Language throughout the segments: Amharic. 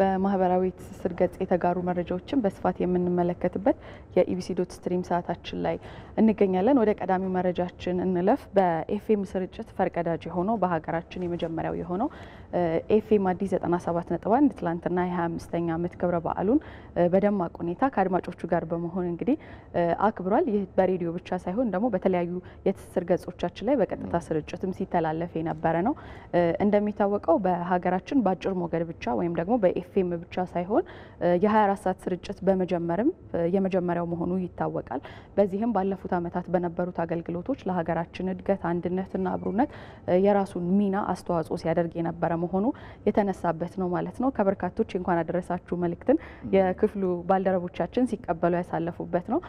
በማህበራዊ ትስስር ገጽ የተጋሩ መረጃዎችን በስፋት የምንመለከትበት የኢቢሲ ዶት ስትሪም ሰዓታችን ላይ እንገኛለን። ወደ ቀዳሚው መረጃችን እንለፍ። በኤፍኤም ስርጭት ፈርቀዳጅ የሆነው በሀገራችን የመጀመሪያው የሆነው ኤፍኤም አዲስ 1 ትላንትና የ25ኛ ዓመት ክብረ በዓሉን በደማቅ ሁኔታ ከአድማጮቹ ጋር በመሆን እንግዲህ አክብሯል። ይህ በሬዲዮ ብቻ ሳይሆን ደግሞ በተለያዩ የትስስር ገጾቻችን ላይ በቀጥታ ስርጭትም ሲተላለፍ የነበረ ነው። እንደሚታወቀው በሀገራችን በአጭር ሞገድ ብቻ ወይም ደግሞ በኤፍ ኤፍኤም ብቻ ሳይሆን የ24 ሰዓት ስርጭት በመጀመርም የመጀመሪያው መሆኑ ይታወቃል። በዚህም ባለፉት ዓመታት በነበሩት አገልግሎቶች ለሀገራችን እድገት አንድነትና አብሮነት የራሱን ሚና አስተዋጽኦ ሲያደርግ የነበረ መሆኑ የተነሳበት ነው ማለት ነው። ከበርካቶች እንኳን አደረሳችሁ መልእክትን የክፍሉ ባልደረቦቻችን ሲቀበሉ ያሳለፉበት ነው።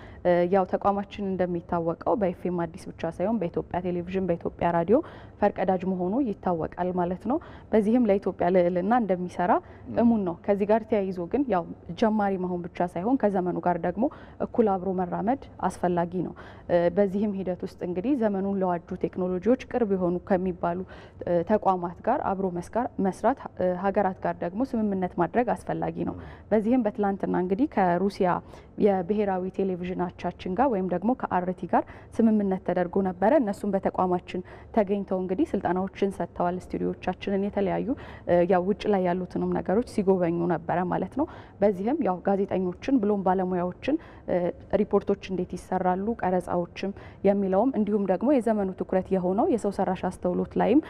ያው ተቋማችን እንደሚታወቀው በኤፍኤም አዲስ ብቻ ሳይሆን በኢትዮጵያ ቴሌቪዥን፣ በኢትዮጵያ ራዲዮ ፈርቀዳጅ መሆኑ ይታወቃል ማለት ነው። በዚህም ለኢትዮጵያ ልዕልና እንደሚሰራ እሙን ነው ነው። ከዚህ ጋር ተያይዞ ግን ያው ጀማሪ መሆን ብቻ ሳይሆን ከዘመኑ ጋር ደግሞ እኩል አብሮ መራመድ አስፈላጊ ነው። በዚህም ሂደት ውስጥ እንግዲህ ዘመኑን ለዋጁ ቴክኖሎጂዎች ቅርብ የሆኑ ከሚባሉ ተቋማት ጋር አብሮ መስራት፣ ሀገራት ጋር ደግሞ ስምምነት ማድረግ አስፈላጊ ነው። በዚህም በትላንትና እንግዲህ ከሩሲያ የብሔራዊ ቴሌቪዥናቻችን ጋር ወይም ደግሞ ከአርቲ ጋር ስምምነት ተደርጎ ነበረ። እነሱም በተቋማችን ተገኝተው እንግዲህ ስልጠናዎችን ሰጥተዋል። ስቱዲዮቻችንን የተለያዩ ያው ውጭ ላይ ያሉትንም ነገሮች ሲጎ ይጎበኙ ነበረ ማለት ነው። በዚህም ያው ጋዜጠኞችን ብሎም ባለሙያዎችን ሪፖርቶች እንዴት ይሰራሉ፣ ቀረጻዎችም የሚለውም እንዲሁም ደግሞ የዘመኑ ትኩረት የሆነው የሰው ሰራሽ አስተውሎት ላይም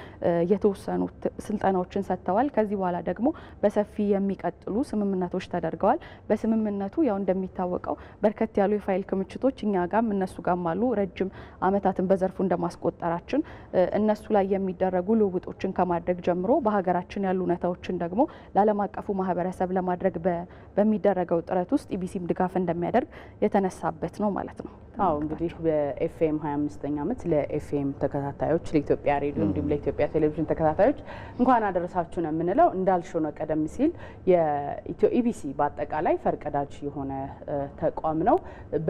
የተወሰኑ ስልጠናዎችን ሰጥተዋል። ከዚህ በኋላ ደግሞ በሰፊ የሚቀጥሉ ስምምነቶች ተደርገዋል። በስምምነቱ ያው እንደሚታወቀው በርከት ያሉ የፋይል ክምችቶች እኛ ጋም እነሱ ጋም አሉ። ረጅም አመታትን በዘርፉ እንደማስቆጠራችን እነሱ ላይ የሚደረጉ ልውውጦችን ከማድረግ ጀምሮ በሀገራችን ያሉ እውነታዎችን ደግሞ ለዓለም አቀፉ ማህበረሰብ ለማድረግ በሚደረገው ጥረት ውስጥ ኢቢሲም ድጋፍ እንደሚያደርግ የተነሳበት ነው ማለት ነው። አዎ እንግዲህ በኤፍኤም 25 ዓመት ለኤፍኤም ተከታታዮች ለኢትዮጵያ ሬዲዮ እንዲሁም ለኢትዮጵያ ቴሌቪዥን ተከታታዮች እንኳን አደረሳችሁ ነው የምንለው። እንዳልሽው ነው ቀደም ሲል የኢትዮ ኢቢሲ በአጠቃላይ ፈርቀዳጅ የሆነ ተቋም ነው።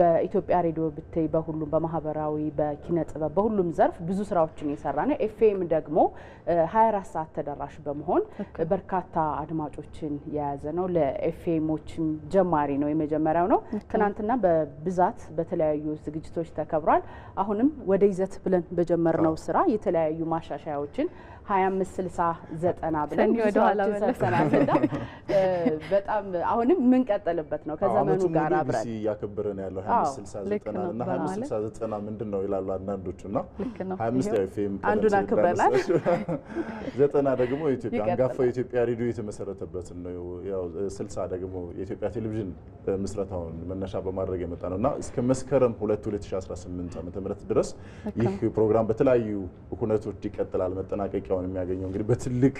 በኢትዮጵያ ሬዲዮ ብትይ በሁሉም በማህበራዊ በኪነ ጥበብ በሁሉም ዘርፍ ብዙ ስራዎችን የሰራ ነው። ኤፍኤም ደግሞ 24 ሰዓት ተደራሽ በመሆን በርካታ አድማጮችን የያዘ ነው። ለኤፍኤሞችም ጀማሪ ነው፣ የመጀመሪያው ነው። ትናንትና በብዛት በተለያዩ ሌሎች ዝግጅቶች ተከብሯል። አሁንም ወደ ይዘት ብለን በጀመርነው ስራ የተለያዩ ማሻሻያዎችን 25 60 90 ብለን በጣም አሁንም የምንቀጥልበት ነው ከዘመኑ ጋር አብረን እያከበረ ነው ያለው 25 60 90 እና 25 60 ምንድን ነው ይላሉ አንዳንዶቹ እና አንዱን አክብረናል። ዘጠና ደግሞ ኢትዮጵያ የኢትዮጵያ ሬዲዮ የተመሰረተበት ነው። ያው ደግሞ የኢትዮጵያ ቴሌቪዥን ምስረታውን መነሻ በማድረግ የመጣ ነው እና እስከ መስከረም 2 2018 ዓ.ም ድረስ ይህ ፕሮግራም በተለያዩ ሁነቶች ይቀጥላል መጠናቀቂያው የሚያገኘው እንግዲህ በትልቅ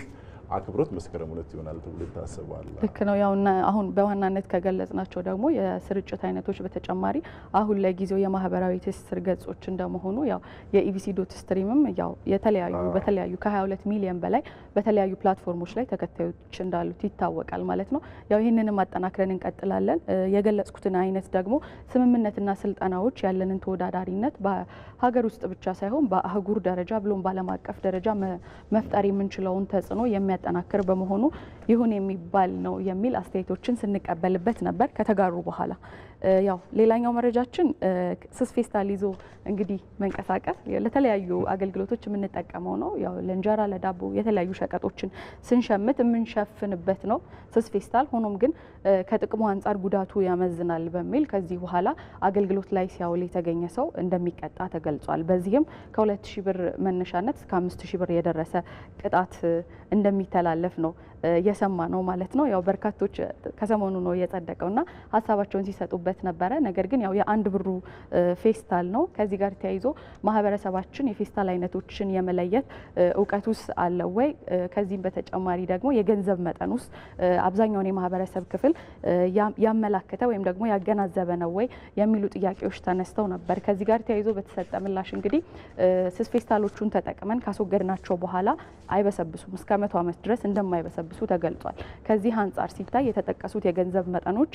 አክብሮት መስከረም ሁለት ይሆናል ተብሎ ይታሰባል። ልክ ነው። ያው አሁን በዋናነት ከገለጽናቸው ደግሞ የስርጭት አይነቶች በተጨማሪ አሁን ለጊዜው የማህበራዊ ትስስር ገጾች እንደመሆኑ ያው የኢቢሲ ዶት ስትሪምም ያው የተለያዩ በተለያዩ ከ22 ሚሊዮን በላይ በተለያዩ ፕላትፎርሞች ላይ ተከታዮች እንዳሉት ይታወቃል ማለት ነው። ያው ይህንንም አጠናክረን እንቀጥላለን። የገለጽኩትን አይነት ደግሞ ስምምነትና ስልጠናዎች ያለንን ተወዳዳሪነት በሀገር ውስጥ ብቻ ሳይሆን በአህጉር ደረጃ ብሎም በዓለም አቀፍ ደረጃ መፍጠር የምንችለውን ተጽዕኖ የሚያ የሚያጠናክር በመሆኑ ይሁን የሚባል ነው የሚል አስተያየቶችን ስንቀበልበት ነበር። ከተጋሩ በኋላ ያው ሌላኛው መረጃችን ስስ ፌስታል ይዞ እንግዲህ መንቀሳቀስ ለተለያዩ አገልግሎቶች የምንጠቀመው ነው። ያው ለእንጀራ፣ ለዳቦ የተለያዩ ሸቀጦችን ስንሸምት የምንሸፍንበት ነው ስስ ፌስታል። ሆኖም ግን ከጥቅሙ አንጻር ጉዳቱ ያመዝናል በሚል ከዚህ በኋላ አገልግሎት ላይ ሲያውል የተገኘ ሰው እንደሚቀጣ ተገልጿል። በዚህም ከ2000 ብር መነሻነት እስከ 5000 ብር የደረሰ ቅጣት እንደሚ የሚተላለፍ ነው የሰማ ነው ማለት ነው። ያው በርካቶች ከሰሞኑ ነው የጸደቀውና ሀሳባቸውን ሲሰጡበት ነበረ። ነገር ግን ያው የአንድ ብሩ ፌስታል ነው። ከዚህ ጋር ተያይዞ ማህበረሰባችን የፌስታል አይነቶችን የመለየት እውቀት ውስጥ አለው ወይ? ከዚህም በተጨማሪ ደግሞ የገንዘብ መጠን ውስጥ አብዛኛውን የማህበረሰብ ክፍል ያመላከተ ወይም ደግሞ ያገናዘበ ነው ወይ የሚሉ ጥያቄዎች ተነስተው ነበር። ከዚህ ጋር ተያይዞ በተሰጠ ምላሽ እንግዲህ ስስ ፌስታሎቹን ተጠቅመን ካስወገድናቸው በኋላ አይበሰብሱም እስከ መቶ ዓመት ድረስ እንደማይበሰብ እንደሚያባብሱ ተገልጿል። ከዚህ አንጻር ሲታይ የተጠቀሱት የገንዘብ መጠኖች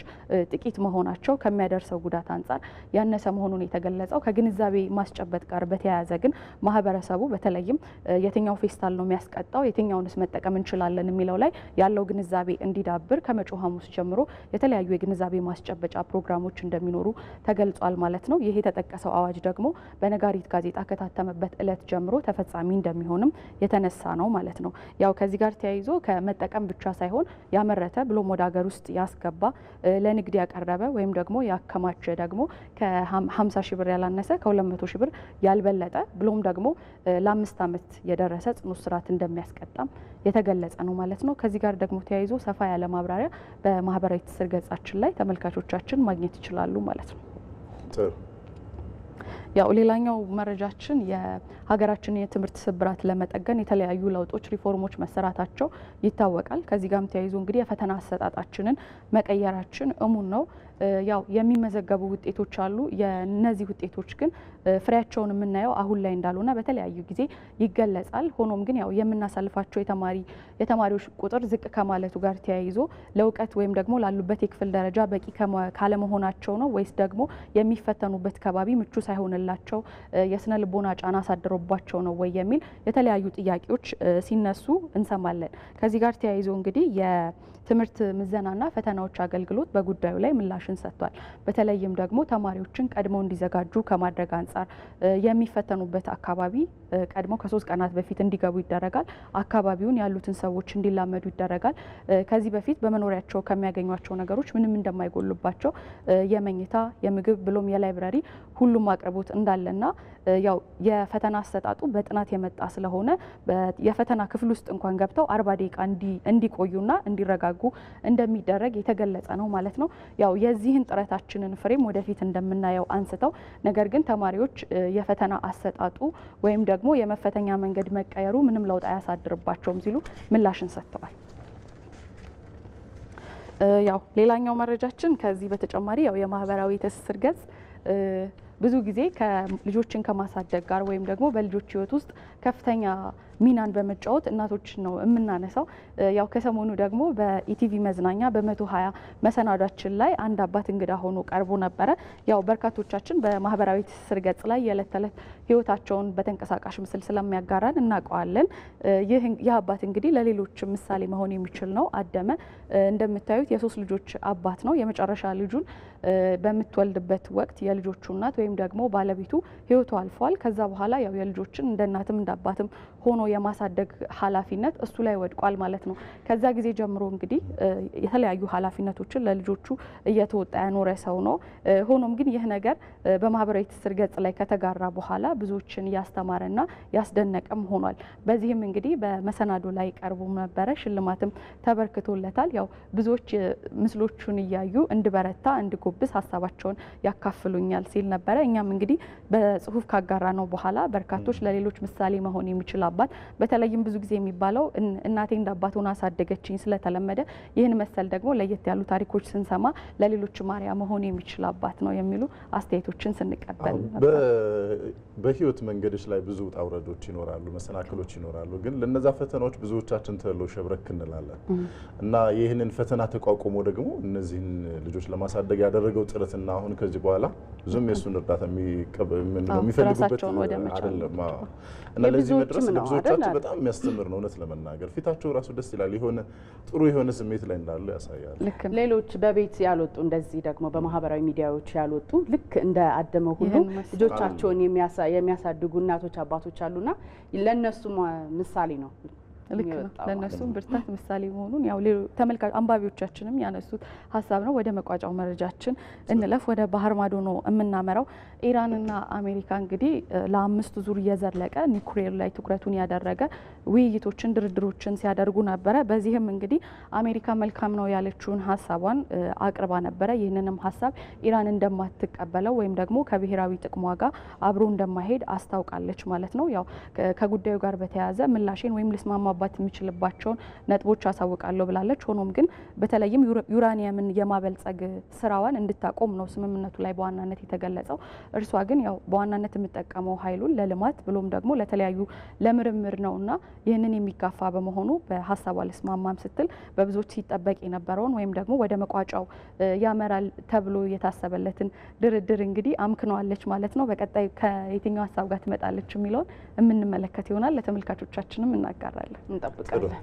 ጥቂት መሆናቸው ከሚያደርሰው ጉዳት አንጻር ያነሰ መሆኑን የተገለጸው ከግንዛቤ ማስጨበጥ ጋር በተያያዘ ግን ማህበረሰቡ በተለይም የትኛው ፌስታል ነው የሚያስቀጣው፣ የትኛውንስ መጠቀም እንችላለን የሚለው ላይ ያለው ግንዛቤ እንዲዳብር ከመጪው ሐሙስ ጀምሮ የተለያዩ የግንዛቤ ማስጨበጫ ፕሮግራሞች እንደሚኖሩ ተገልጿል ማለት ነው። ይህ የተጠቀሰው አዋጅ ደግሞ በነጋሪት ጋዜጣ ከታተመበት እለት ጀምሮ ተፈጻሚ እንደሚሆንም የተነሳ ነው ማለት ነው። ያው ከዚህ ጋር ተያይዞ መጠቀም ብቻ ሳይሆን ያመረተ ብሎም ወደ ሀገር ውስጥ ያስገባ ለንግድ ያቀረበ ወይም ደግሞ ያከማቸ ደግሞ ከ50 ሺህ ብር ያላነሰ ከ200 ሺህ ብር ያልበለጠ ብሎም ደግሞ ለአምስት ዓመት የደረሰ ጽኑ እስራት እንደሚያስቀጣም የተገለጸ ነው ማለት ነው። ከዚህ ጋር ደግሞ ተያይዞ ሰፋ ያለ ማብራሪያ በማህበራዊ ትስስር ገጻችን ላይ ተመልካቾቻችን ማግኘት ይችላሉ ማለት ነው። ያው ሌላኛው መረጃችን የሀገራችን የትምህርት ስብራት ለመጠገን የተለያዩ ለውጦች፣ ሪፎርሞች መሰራታቸው ይታወቃል። ከዚህ ጋርም ተያይዞ እንግዲህ የፈተና አሰጣጣችንን መቀየራችን እሙን ነው። ያው የሚመዘገቡ ውጤቶች አሉ። የነዚህ ውጤቶች ግን ፍሬያቸውን የምናየው አሁን ላይ እንዳልሆነ በተለያዩ ጊዜ ይገለጻል። ሆኖም ግን ያው የምናሳልፋቸው የተማሪ የተማሪዎች ቁጥር ዝቅ ከማለቱ ጋር ተያይዞ ለእውቀት ወይም ደግሞ ላሉበት የክፍል ደረጃ በቂ ካለመሆናቸው ነው ወይስ ደግሞ የሚፈተኑበት ከባቢ ምቹ ሳይሆንላቸው የስነ ልቦና ጫና አሳድሮባቸው ነው ወይ የሚል የተለያዩ ጥያቄዎች ሲነሱ እንሰማለን። ከዚህ ጋር ተያይዞ እንግዲህ ትምህርት ምዘናና ፈተናዎች አገልግሎት በጉዳዩ ላይ ምላሽን ሰጥቷል። በተለይም ደግሞ ተማሪዎችን ቀድመው እንዲዘጋጁ ከማድረግ አንጻር የሚፈተኑበት አካባቢ ቀድመው ከሶስት ቀናት በፊት እንዲገቡ ይደረጋል። አካባቢውን ያሉትን ሰዎች እንዲላመዱ ይደረጋል። ከዚህ በፊት በመኖሪያቸው ከሚያገኟቸው ነገሮች ምንም እንደማይጎሉባቸው የመኝታ፣ የምግብ ብሎም የላይብረሪ ሁሉም አቅርቦት እንዳለና ያው የፈተና አሰጣጡ በጥናት የመጣ ስለሆነ የፈተና ክፍል ውስጥ እንኳን ገብተው አርባ ደቂቃ እንዲቆዩና እንዲረጋጉ እንደሚደረግ የተገለጸ ነው ማለት ነው። ያው የዚህን ጥረታችንን ፍሬም ወደፊት እንደምናየው አንስተው ነገር ግን ተማሪዎች የፈተና አሰጣጡ ወይም ደግሞ የመፈተኛ መንገድ መቀየሩ ምንም ለውጥ አያሳድርባቸውም ሲሉ ምላሽን ሰጥተዋል። ያው ሌላኛው መረጃችን ከዚህ በተጨማሪ ያው የማህበራዊ ትስስር ገጽ ብዙ ጊዜ ልጆችን ከማሳደግ ጋር ወይም ደግሞ በልጆች ህይወት ውስጥ ከፍተኛ ሚናን በመጫወት እናቶችን ነው የምናነሳው። ያው ከሰሞኑ ደግሞ በኢቲቪ መዝናኛ በመቶ ሀያ መሰናዷችን ላይ አንድ አባት እንግዳ ሆኖ ቀርቦ ነበረ። ያው በርካቶቻችን በማህበራዊ ትስስር ገጽ ላይ የዕለት ተዕለት ህይወታቸውን በተንቀሳቃሽ ምስል ስለሚያጋራን እናውቀዋለን። ይህ አባት እንግዲህ ለሌሎች ምሳሌ መሆን የሚችል ነው። አደመ እንደምታዩት የሶስት ልጆች አባት ነው። የመጨረሻ ልጁን በምትወልድበት ወቅት የልጆቹ እናት ወይም ደግሞ ባለቤቱ ህይወቱ አልፏል። ከዛ በኋላ ያው የልጆችን እንደ እናትም አባትም ሆኖ የማሳደግ ኃላፊነት እሱ ላይ ወድቋል ማለት ነው። ከዛ ጊዜ ጀምሮ እንግዲህ የተለያዩ ኃላፊነቶችን ለልጆቹ እየተወጣ ያኖረ ሰው ነው። ሆኖም ግን ይህ ነገር በማህበራዊ ትስስር ገጽ ላይ ከተጋራ በኋላ ብዙዎችን ያስተማረና ያስደነቀም ሆኗል። በዚህም እንግዲህ በመሰናዶ ላይ ቀርቦ ነበረ፣ ሽልማትም ተበርክቶለታል። ያው ብዙዎች ምስሎቹን እያዩ እንድበረታ እንድጎብስ ሀሳባቸውን ያካፍሉኛል ሲል ነበረ። እኛም እንግዲህ በጽሁፍ ካጋራ ነው በኋላ በርካቶች ለሌሎች ምሳሌ መሆን የሚችል አባት በተለይም ብዙ ጊዜ የሚባለው እናቴ እንደ አባት ሆና አሳደገችኝ ስለተለመደ ይህን መሰል ደግሞ ለየት ያሉ ታሪኮች ስንሰማ ለሌሎች ማርያ መሆን የሚችል አባት ነው የሚሉ አስተያየቶችን ስንቀበል በህይወት መንገዶች ላይ ብዙ ውጣ ውረዶች ይኖራሉ፣ መሰናክሎች ይኖራሉ። ግን ለነዛ ፈተናዎች ብዙዎቻችን ተሎ ሸብረክ እንላለን እና ይህንን ፈተና ተቋቁሞ ደግሞ እነዚህን ልጆች ለማሳደግ ያደረገው ጥረትና አሁን ከዚህ በኋላ ብዙም የእሱን እርዳታ የሚፈልጉበት አይደለም እና ለዚህ መድረስ ለብዙዎች ልጆቻችን በጣም የሚያስተምር ነው። እውነት ለመናገር ፊታቸው ራሱ ደስ ይላል። የሆነ ጥሩ የሆነ ስሜት ላይ እንዳሉ ያሳያል። ልክ ሌሎች በቤት ያልወጡ እንደዚህ ደግሞ በማህበራዊ ሚዲያዎች ያልወጡ ልክ እንደ አደመ ሁሉ ልጆቻቸውን የሚያሳድጉ እናቶች አባቶች አሉና ለእነሱም ምሳሌ ነው። ልክ ነው። ለእነሱም ብርታት ምሳሌ መሆኑን ያው ተመልካች አንባቢዎቻችንም ያነሱት ሀሳብ ነው። ወደ መቋጫው መረጃችን እንለፍ። ወደ ባህር ማዶ ነው የምናመራው። ኢራንና አሜሪካ እንግዲህ ለአምስት ዙር እየዘለቀ ኒኩሌር ላይ ትኩረቱን ያደረገ ውይይቶችን፣ ድርድሮችን ሲያደርጉ ነበረ። በዚህም እንግዲህ አሜሪካ መልካም ነው ያለችውን ሀሳቧን አቅርባ ነበረ። ይህንንም ሀሳብ ኢራን እንደማትቀበለው ወይም ደግሞ ከብሔራዊ ጥቅሟ ጋር አብሮ እንደማይሄድ አስታውቃለች ማለት ነው። ያው ከጉዳዩ ጋር በተያያዘ ምላሽን ወይም ልስማማ መግባባት የምችልባቸውን ነጥቦች አሳውቃለሁ ብላለች። ሆኖም ግን በተለይም ዩራኒየምን የማበልጸግ ስራዋን እንድታቆም ነው ስምምነቱ ላይ በዋናነት የተገለጸው። እርሷ ግን ያው በዋናነት የምጠቀመው ኃይሉን ለልማት ብሎም ደግሞ ለተለያዩ ለምርምር እና ይህንን የሚጋፋ በመሆኑ በሀሳብ አልስማማም ስትል በብዙዎች ሲጠበቅ የነበረውን ወይም ደግሞ ወደ መቋጫው ያመራል ተብሎ የታሰበለትን ድርድር እንግዲህ አምክነዋለች ማለት ነው። በቀጣይ ከየትኛው ሀሳብ ጋር ትመጣለች የሚለውን የምንመለከት ይሆናል። ለተመልካቾቻችንም እናጋራለን። እንጠብቃለን።